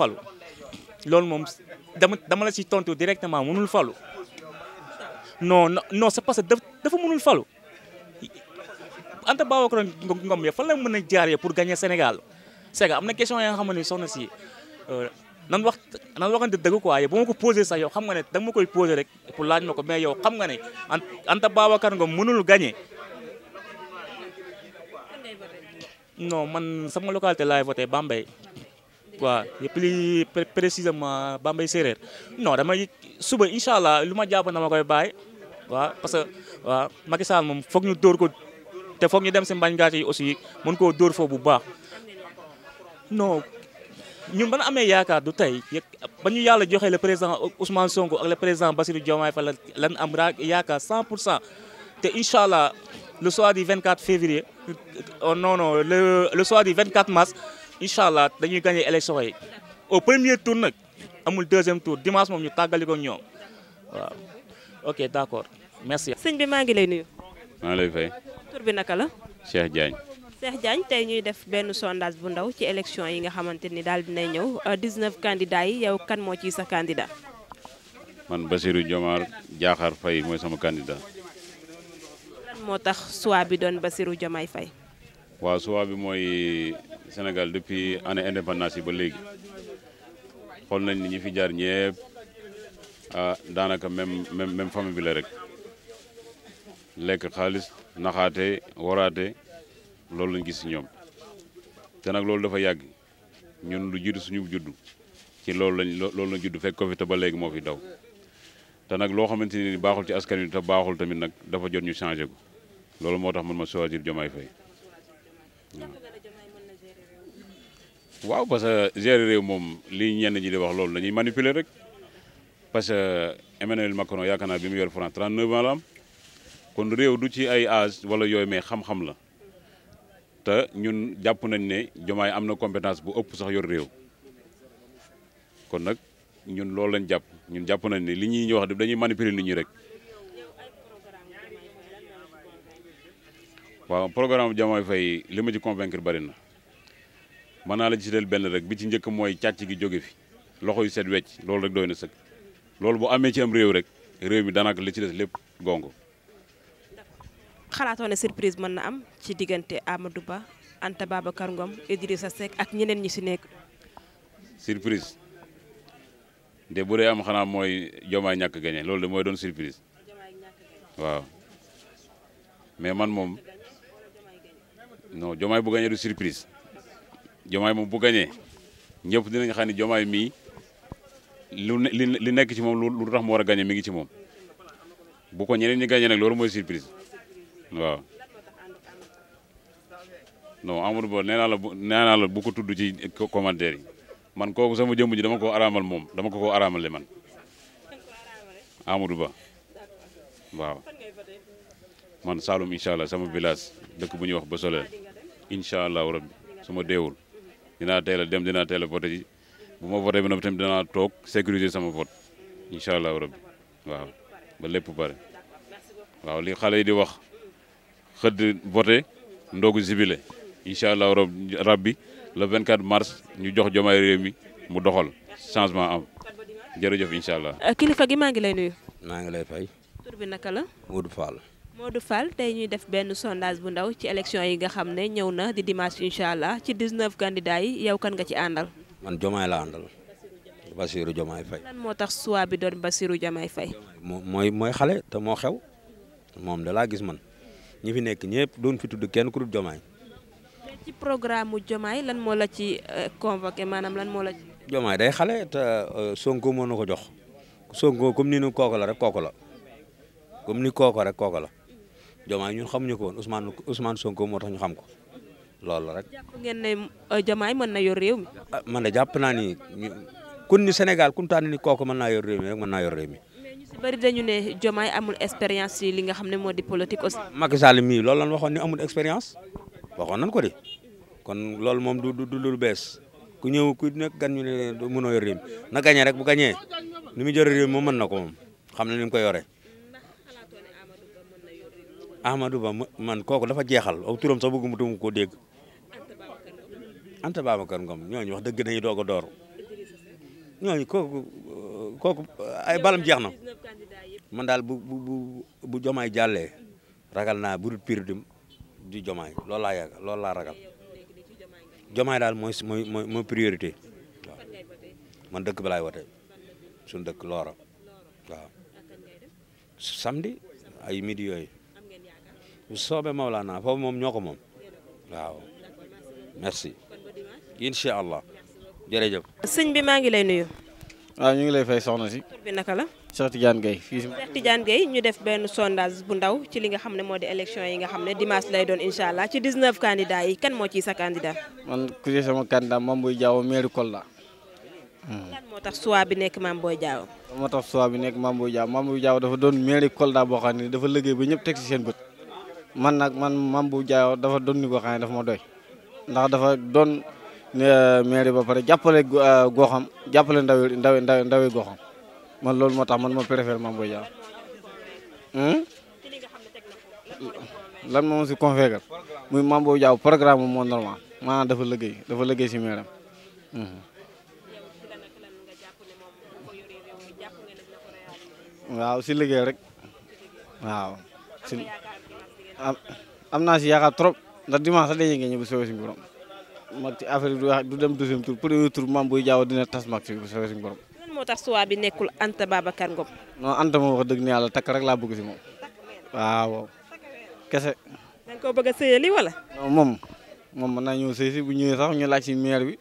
loolu moom dama la ci tontu directement mënul falu non non c'est parce que dafa mënul falu Anta Babacar Ngom ya fan la mën a jaaree pour gagner Sénégal c'est am na question ya nga xam ne soxna si euh, nan wax nan waxante dëgg quoi yow bu ma ko posé sax yow xam nga ne da ma koy posé rek pour laaj ma ko mais yow xam nga ne Anta Babacar Ngom mënul gagner no man sama localité laay voté Bambey waaw plus précisément Bambey séeréer non damay suba incha allah lu ma jàpp dama koy baay waaw parce que waaw Macky moom foog ñu dóor ko te foog ñu dem si mbañ gàcce yi aussi mën koo dóor foo bu baax non ñun ba ñu amee yaakaar du tey ba ñu yàlla joxe le président Ousmane Sonko ak le président Bassirou Diomaye Faye lan am yaakaar 100 pour cent te incha allah le soir du 24 février euh, non non le le soir du 24 mars. incha allah dañuy gagné élection yi au premier tour nag amul deuxième tour dimanche moom ñu tàggali ko ñoom waaw d' accord merci. sëñ bi maa ngi lay nuyu. maa lay fay. tur bi naka la. Cheikh Diagne. Cheikh Diagne tey ñuy def benn sondage bu ndaw ci élection yi nga xamante ni daal dinay ñëw 19 euh, candidats yi yow kan moo ciy sa candidat. man Basirou Diomaye Diakhar Faye mooy sama candidat. moo tax choix bi doon Basirou Diomaye Faye. waaw choix bi mooy Sénégal depuis année indépendance yi ba léegi xool nañ ni ñi fi jaar ñëpp ah, daanaka même même même famille bi rek lekk xaalis naxaate waraate loolu lañ gis si ñoom te nag loolu dafa yàgg ñun lu jiitu suñu juddu ci loolu lañ loolu lañ juddu fekk ko fi te ba léegi moo fi daw te nag loo xamante ni baaxul ci askan wi te baaxul tamit nag dafa jot ñu changé ko loolu moo tax man ma choisir Diomaye Faye waaw waaw parce que gérer réew moom li ñenn ñi di wax loolu dañuy manipuler rek parce que Emmanuel Macron yaakaar naa bi mu yor France 39 ans la kon réew du ci ay âge wala yooy mais xam-xam la te ñun jàpp nañ ne Diomaye am na compétence bu ëpp sax yor réew kon nag ñun loolu lañ jàpp ñun jàpp nañ ne li ñuy wax dañuy manipuler nu ñi rek waaw programme Diomaye fay li ma ci convaincre bari na. man naa la ci del benn rek bi ci njëkk mooy càcc gi jóge fi loxo yu set wecc loolu rek doy na sëkk loolu boo amee ci am réew rek réew mi daanaka li ci des lépp gongo. xalaatoo ne surprise mën na am ci diggante Amadou Ba Anta Babacar Ngom sa Seck ak ñeneen ñi si nekk. surprise de bu dee am xanaa mooy jomaay ñàkk gañe loolu de mooy doon surprise waaw mais man moom no jomaay bu gañe du surprise. jomaay moom bu gañee ñëpp dinañ xam ne jomaay mii lu li nekk ci moom lu tax mu war a gañe mi ngi ci moom bu ko ñeneen ñi gañee nag loolu mooy surprise waaw non Amadou Ba nee la bu nee la bu ko tudd ci commentaire yi man kooku sama jëmm ji dama ko araamal moom dama ko ko araamale man Amadou Ba waaw man Saloum incha allah sama village dëkk bu ñuy wax ba soleel incha allah rabbi su ma deewul dinaa teel dem dinaa teel a voté ji bu ma voté bi nag tamit dinaa toog sécuriser sama vote incha allahu rabbi waaw ba lépp pare waaw li xale yi di wax xëdd voté ndogu sibile incha allahu rabbi le 24 mars ñu jox jomaay réew mi mu doxal changement am jërëjëf incha allah. kilifa gi maa ngi lay nuyu. maa ngi lay fay. tur bi naka la. Modou Fall. Modou Fall tey ñuy def benn sondage bu ndaw ci élection yi nga xam ne ñëw na di dimanche incha allah ci 19 candidats yi yow kan nga ci àndal. man Diomaye la àndal. Bassirou Diomaye Faye. moo tax choix bi doon Bassirou Diomaye Faye. mooy mooy xale te moo xew moom dalaa gis man ñi fi nekk ñëpp doon fi tudd kenn ku dul Diomaye. ci programme mu Diomaye lan moo la ci euh, convoqué maanaam lan moo la ci. Diomaye day xale te euh, Sonko moo na ko jox Sonko comme ni nu kooku la rek kooku la comme ni kooku rek kooku la Diomaye ñun xamuñu ko woon Ousmane Ousmane Sonko moo tax ñu xam ko loolu rek. jàpp ngeen ne euh, Diomaye mën na yor réew mi. Ah, man de jàpp naa ni kun ni Sénégal kun tànn ni kooku mën naa yor réew mi mën naa yor réew mi. mais ñu ne Diomaye amul expérience yi li nga xam ne moo di politique aussi. Macky Sall lan waxoon ni amul expérience waxoon nañ ko de kon loolu moom du du lu bees ku ñëw ku nekk gan ñu ne yor réew na gañee rek bu gañee ni mu jor réew mi moom mën na ko moom xam na ni mu yoree. Ahmadou man kooku dafa jeexal aw turam sax mu tumu koo dégg Anta Babacar Ngom ñooñu wax dëgg dañuy doogo a door ñooñu kooku ay balam jeex na man daal bu bu bu jomaay jàllee ragal naa bu dul pire du jomaay loolu laa ragal jomaay daal mooy mooy mooy priorité man dëkk bi laay wote suñu dëkk Loora waaw ay midi yooyu. bu soobee naa foofu moom ñoo ko moom waaw merci incha allah jërëjëf. sëñ bi maa ngi lay nuyu. waaw ah, ñu ngi lay fay soxna si. naka la. Cheikh Tidiane Gueye fii si. Cheikh ñu def benn sondage bu ndaw ci li nga xam ne moo di élection yi xam ne dimanche lay doon incha allah ci 19 candidats yi kan moo ciy sa candidat. man ku ci sama candidat Mame Boye hmm. moo tax choix bi nekk Mame Boye Diao. moo tax choix bi nekk Mame Boye Diao Mame Boye Diao dafa doon maire Kolda boo xam ne dafa liggéey ba ñëpp teg si seen bët. man nag man Mame Boye Diao dafa doon ni ko dafa ma doy ndax dafa doon euh, maire ba pare jàppale euh, goxam jàppale ndawi ndawi ndawi goxam man loolu moo tax man ma préfère Mame Boye Diao hmm? lan moom si confégal muy Mame Boye Diao programme moo normal maanaam dafa liggéey dafa liggéey si maire hmm. waaw si liggéey rek waaw am naa si yaakaar trop ndax dimanche sax dañuy ñëw bu soobee suñu borom ma ci affaire du wax du dem deuxième tour premier tour maam buy jaaw dina tas mag bu soobee suñu borom. moo tax suwaa bi nekkul Anta Babacar Ngom. moom wax dëgg yàlla takk rek laa bëgg si moom waaw kese. da bëgg a sëyali wala. moom mën naa ñëw sëy bu ñëwee sax ñu laaj si maire bi.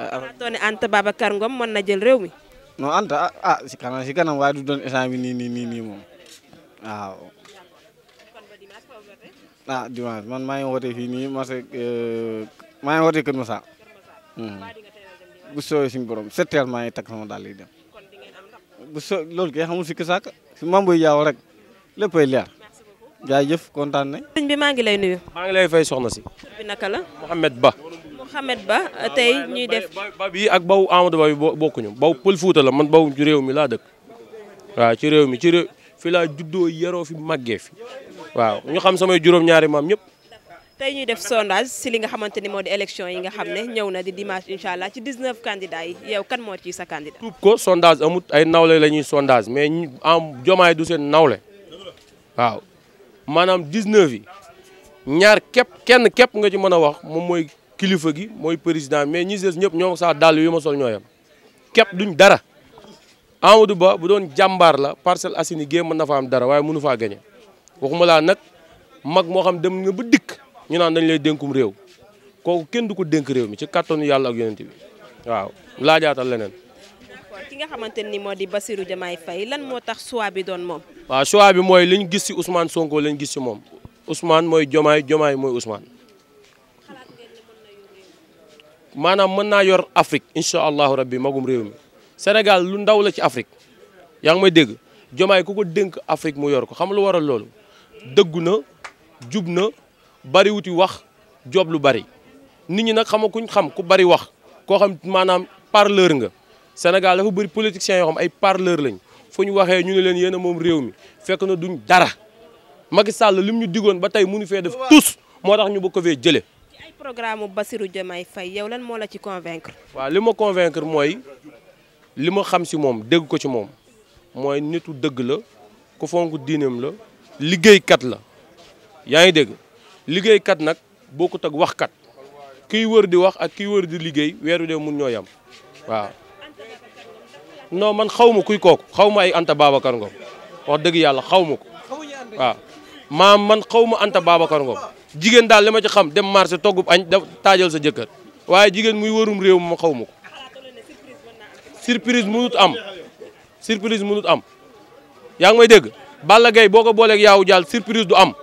a ah, doone ah. Anta Babacar mën na jël mi. non Anta ah, ah si kanam waaye du doon instant bi nii nii nii nii moom waaw. ah dimanche man maa ngi woote fii nii marché euh, maa ngi woote Kër Moussa. Hmm. bu soobee suñu borom sept heures maa ngi takk sama daal di dem. bu so loolu kay xamul si kisaak si Mamboy Diaw rek léppay leer. jaajëf kontaan nañ. sëñ bi maa ngi lay nuyu. maa ngi lay fay soxna si. bi naka la. Mouhamed Ba. Ba tey ñuy def. ba bi ak baw Amadou Ba bi bokkuñu baw pël Fuuta la man baw ci réew mi laa dëkk. waaw ci réew mi ci réew fi laa juddoo yaroo fi màggee fi waaw ñu xam samay juróom-ñaari maam ñëpp. tey ñuy def sondage si li nga xamante ni moo di élection yi nga xam ne ñëw na di dimanche incha allah ci 19 candidats yi yow kan moo ci sa candidat. tuub ko sondage amut ay nawle la ñuy sondage mais ñu am du seen nawle waaw maanaam 19 yi ñaar képp kenn képp nga ci mën a wax moom mooy kilifa gi mooy président mais ñi ñëpp ñoom sax dàll yu ma sol ñoo yem képp duñ dara. Amadou Ba bu doon jàmbaar la Parcelles Assainies géem mën na fa am dara waaye mënu faa gañe waxuma laa nag mag moo xam dem nga ba dikk ñu naan dañ lay dénkum réew kooku kenn du ko dénk réew mi ci kàttanu yàlla ak yonent bi waaw laajaatal leneen. d'accord ki nga xamante ni moo di Bassirou Diomaye Faye lan moo tax choix bi doon moom. waaw choix bi mooy liñ gis ci usmaan Sonko lañ gis ci moom usmaan mooy Diomaye Diomaye mooy Ousmane. maanaam mën naa yor Afrique incha allahu rabbi magum réew mi senegal lu ndaw la ci Afrique yaa ngi may dégg Diomaye ku ko dénk Afrique yor ko xam lu waral loolu. dëggu na jub na bari wuti wax joob lu bari nit ñi nag xama kuñ xam ku bari wax koo xam maanaam parleur nga Sénégal dafa bëri politiciens yoo xam ay parleur lañ fu ñu waxee ñu ne leen yéen a moom réew mi fekk na duñ dara Macky Sall mu ñu diggoon ba tey mënu fee def tous moo tax ñu bëgg ko fee jëlee. ci ay programme Bassirou Diomaye Faye yow lan moo la ci convaincre. waaw li ma convaincre mooy li ma xam si moom dégg ko ci moom mooy nitu dëgg la ku fonk diineem la. liggéeykat la yaa ngi dégg liggéeykat nag boo bokkut ak waxkat kiy wër di wax ak kii wër di liggéey weeru dee mun ñoo yam waaw non man xawma ma kuy kooku xaw ma ay Anta Babacar Ngom wax dëgg yàlla xaw ma ko waaw maam man xaw ma Anta Babacar Ngom jigéen daal li ma ci xam dem marché toggub añ da taajal sa jëkkër waaye jigéen muy wërum réew ma xaw ma ko surprise mënut am surprise mënut am yaa ngi may dégg Balla Gaye boo ko booleek yaawu jaal surprise du am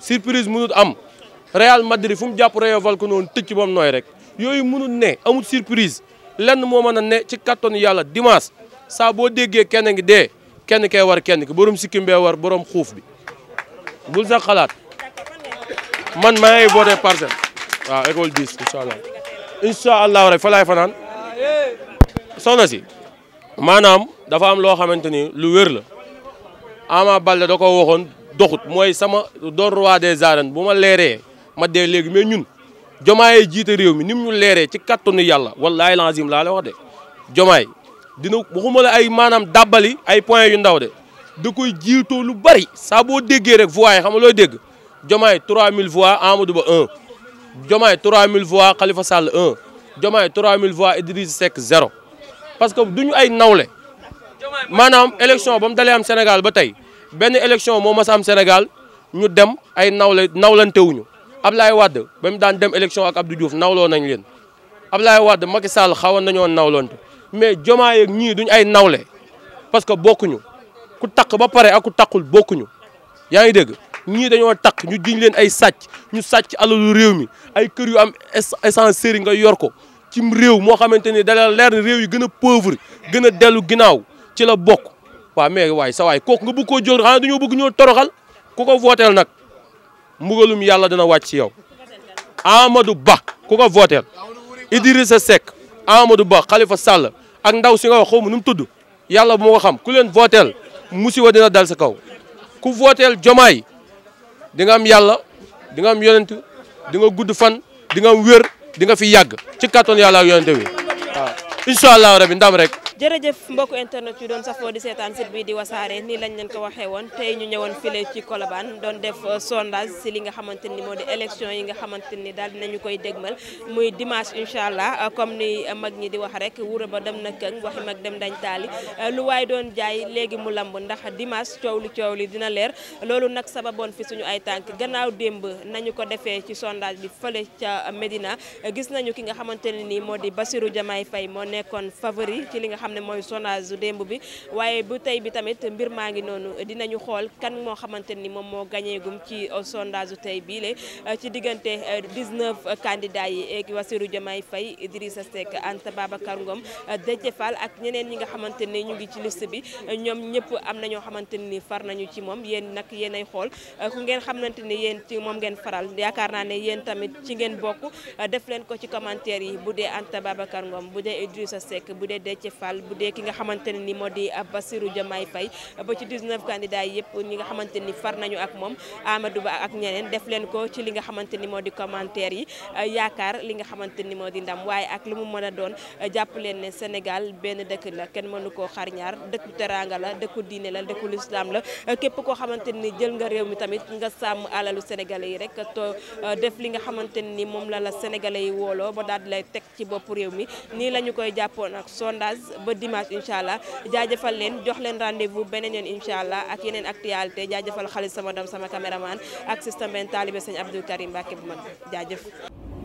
surprise mënut am Real Madrid fu mu jàpp Rayo Vallecano tëcc ba moom nooy rek yooyu mënut ne amul surprise lenn moo mën a ne ci kattanu yàlla dimanche saa boo déggee kenn ngi dee kenn kay war kenn ki borom sikkim bee war borom xuuf bi bul sax xalaat man maa ngi voté waa waaw école 10 incha allah incha allah rek fa fanaan soxna si maanaam dafa am loo xamante ni lu wér la. Ama Baldé da ko waxoon doxut mooy sama door roi des arènes bu ma leeree ma dee léegi mais ñun jomaay jiite réew mi ni mu ñu leeree ci kattanu yàlla wallaahi lazim laa la wax de jomaay dina waxuma la ay maanaam dàbbali ay point yu ndaw de da koy jiitoo lu bari saa boo déggee rek voix yi dégg nga looy mille jomaay 3000 voix Amadou Ba 1 jomaay 3000 voix Khalifa Sall 1 jomaay 3000 voix Idriss Seck 0 parce que duñu ay nawle maanaam élection ba mu dalee am Sénégal ba tey benn élection moo mas am Sénégal ñu dem ay nawle nawlantewuñu Ablaye Wade ba mu daan dem élection ak Abdou Diouf nawloo nañ leen Ablaye Wade Macky Sall xawoon nañoo nawlante mais Diomaye ak ñii duñ ay nawle parce que bokkuñu ku takk ba pare ak ku takkul bokkuñu yaa ngi dégg ñii dañoo takk ñu jiñ leen ay sàcc ñu sàcc alalu réew mi ay kër yu am essence seri nga yor ko cim réew moo xamante ni dala leer ne réew yi gën a pauvre gën a dellu ginnaaw ci la bokk waaw mais waay sa waay kooku nga bëgg koo jóor xanaa dañoo bëgg ñoo toroxal ku ko vooteel nag mbugalum yàlla dana wàcc ci yow Amadou Ba ku ko vooteel Idrissa Seck Amadou Ba Khalifa Sall ak ndaw si nga wax xaw ma nu mu tudd yàlla bu ma ko xam ku leen vooteel musiba dina dal sa kaw ku vooteel Jomaay di nga am yàlla di nga am yonent di nga gudd fan di nga am wér di nga fi yàgg ci kattan yàlla ak yonent wi waaw incha ndam rek jërëjëf mbokku internet yu doon safoo di seetaan site bi di wasaare nii lañ leen ko waxee woon tey ñu ñëwoon file ci Colobane doon def euh, sondage si li nga xamante ni moo di élection yi nga xamante ni daal dinañu koy dégmal muy dimanche incha allah euh, comme ni euh, mag ñi di wax rek wura ba dem na këng waxi mag dem dañ taali lu waaye doon jaay léegi mu lamb ndax dimanche coow li coow li dina leer loolu nag sababoon fi suñu ay tànk gannaaw démb nañu ko defee ci sondage bi fële ca Medina gis nañu ki nga xamante ne nii moo di Bassirou Diomaye Faye moo nekkoon favori ci li nga xam ne mooy zonage su démb bi waaye bu tey bi tamit mbir maa ngi noonu dinañu xool kan moo xamante ni moom moo gañeegum ci euh, sondage su tey bii le euh, ci diggante 19 euh, candidats yi eh, Bassirou fay Faye Idrissa Seck Anta Babacar Ngom Déthié ak ñeneen ñi nga xamante ni ñu ngi ci liste bi ñoom ñëpp am na ñoo xamante ni far nañu ci moom yéen nag yéenay xool ku ngeen xamante ni yéen ci moom ngeen faral yaakaar naa ne yéen tamit ci ngeen bokk def leen ko ci commentaire yi bu dee Anta Babacar Sall bu dee ki nga xamante ne ni moo di Bassirou Diomaye Faye ba ci 19 candidats yëpp ñi nga xamante ni far nañu ak moom Amadou Ba ak ñeneen def leen ko ci li nga xamante ni moo di commentaire yi yaakaar li nga xamante ni moo di ndam waaye ak lu mu mën a doon jàpp leen ne Sénégal benn dëkk la kenn mënu koo xar ñaar dëkku teranga la dëkku diine la dëkku lislaam la képp koo xamante ni jël nga réew mi tamit nga sàmm alalu sénégalais yi rek to def li nga xamante ni moom la la sénégalais yi wooloo ba daal di lay teg ci bopp réew mi nii la koy jàppoon ak sondage ba dimanche incha allah jaajëfal leen jox leen rendez-vous beneen yoon incha allah ak yeneen actualité jaajëfal xaalis sama doom sama caméraman ak système benn taalibe sëñ Abdou Karim Mbacke bu mag jaajëf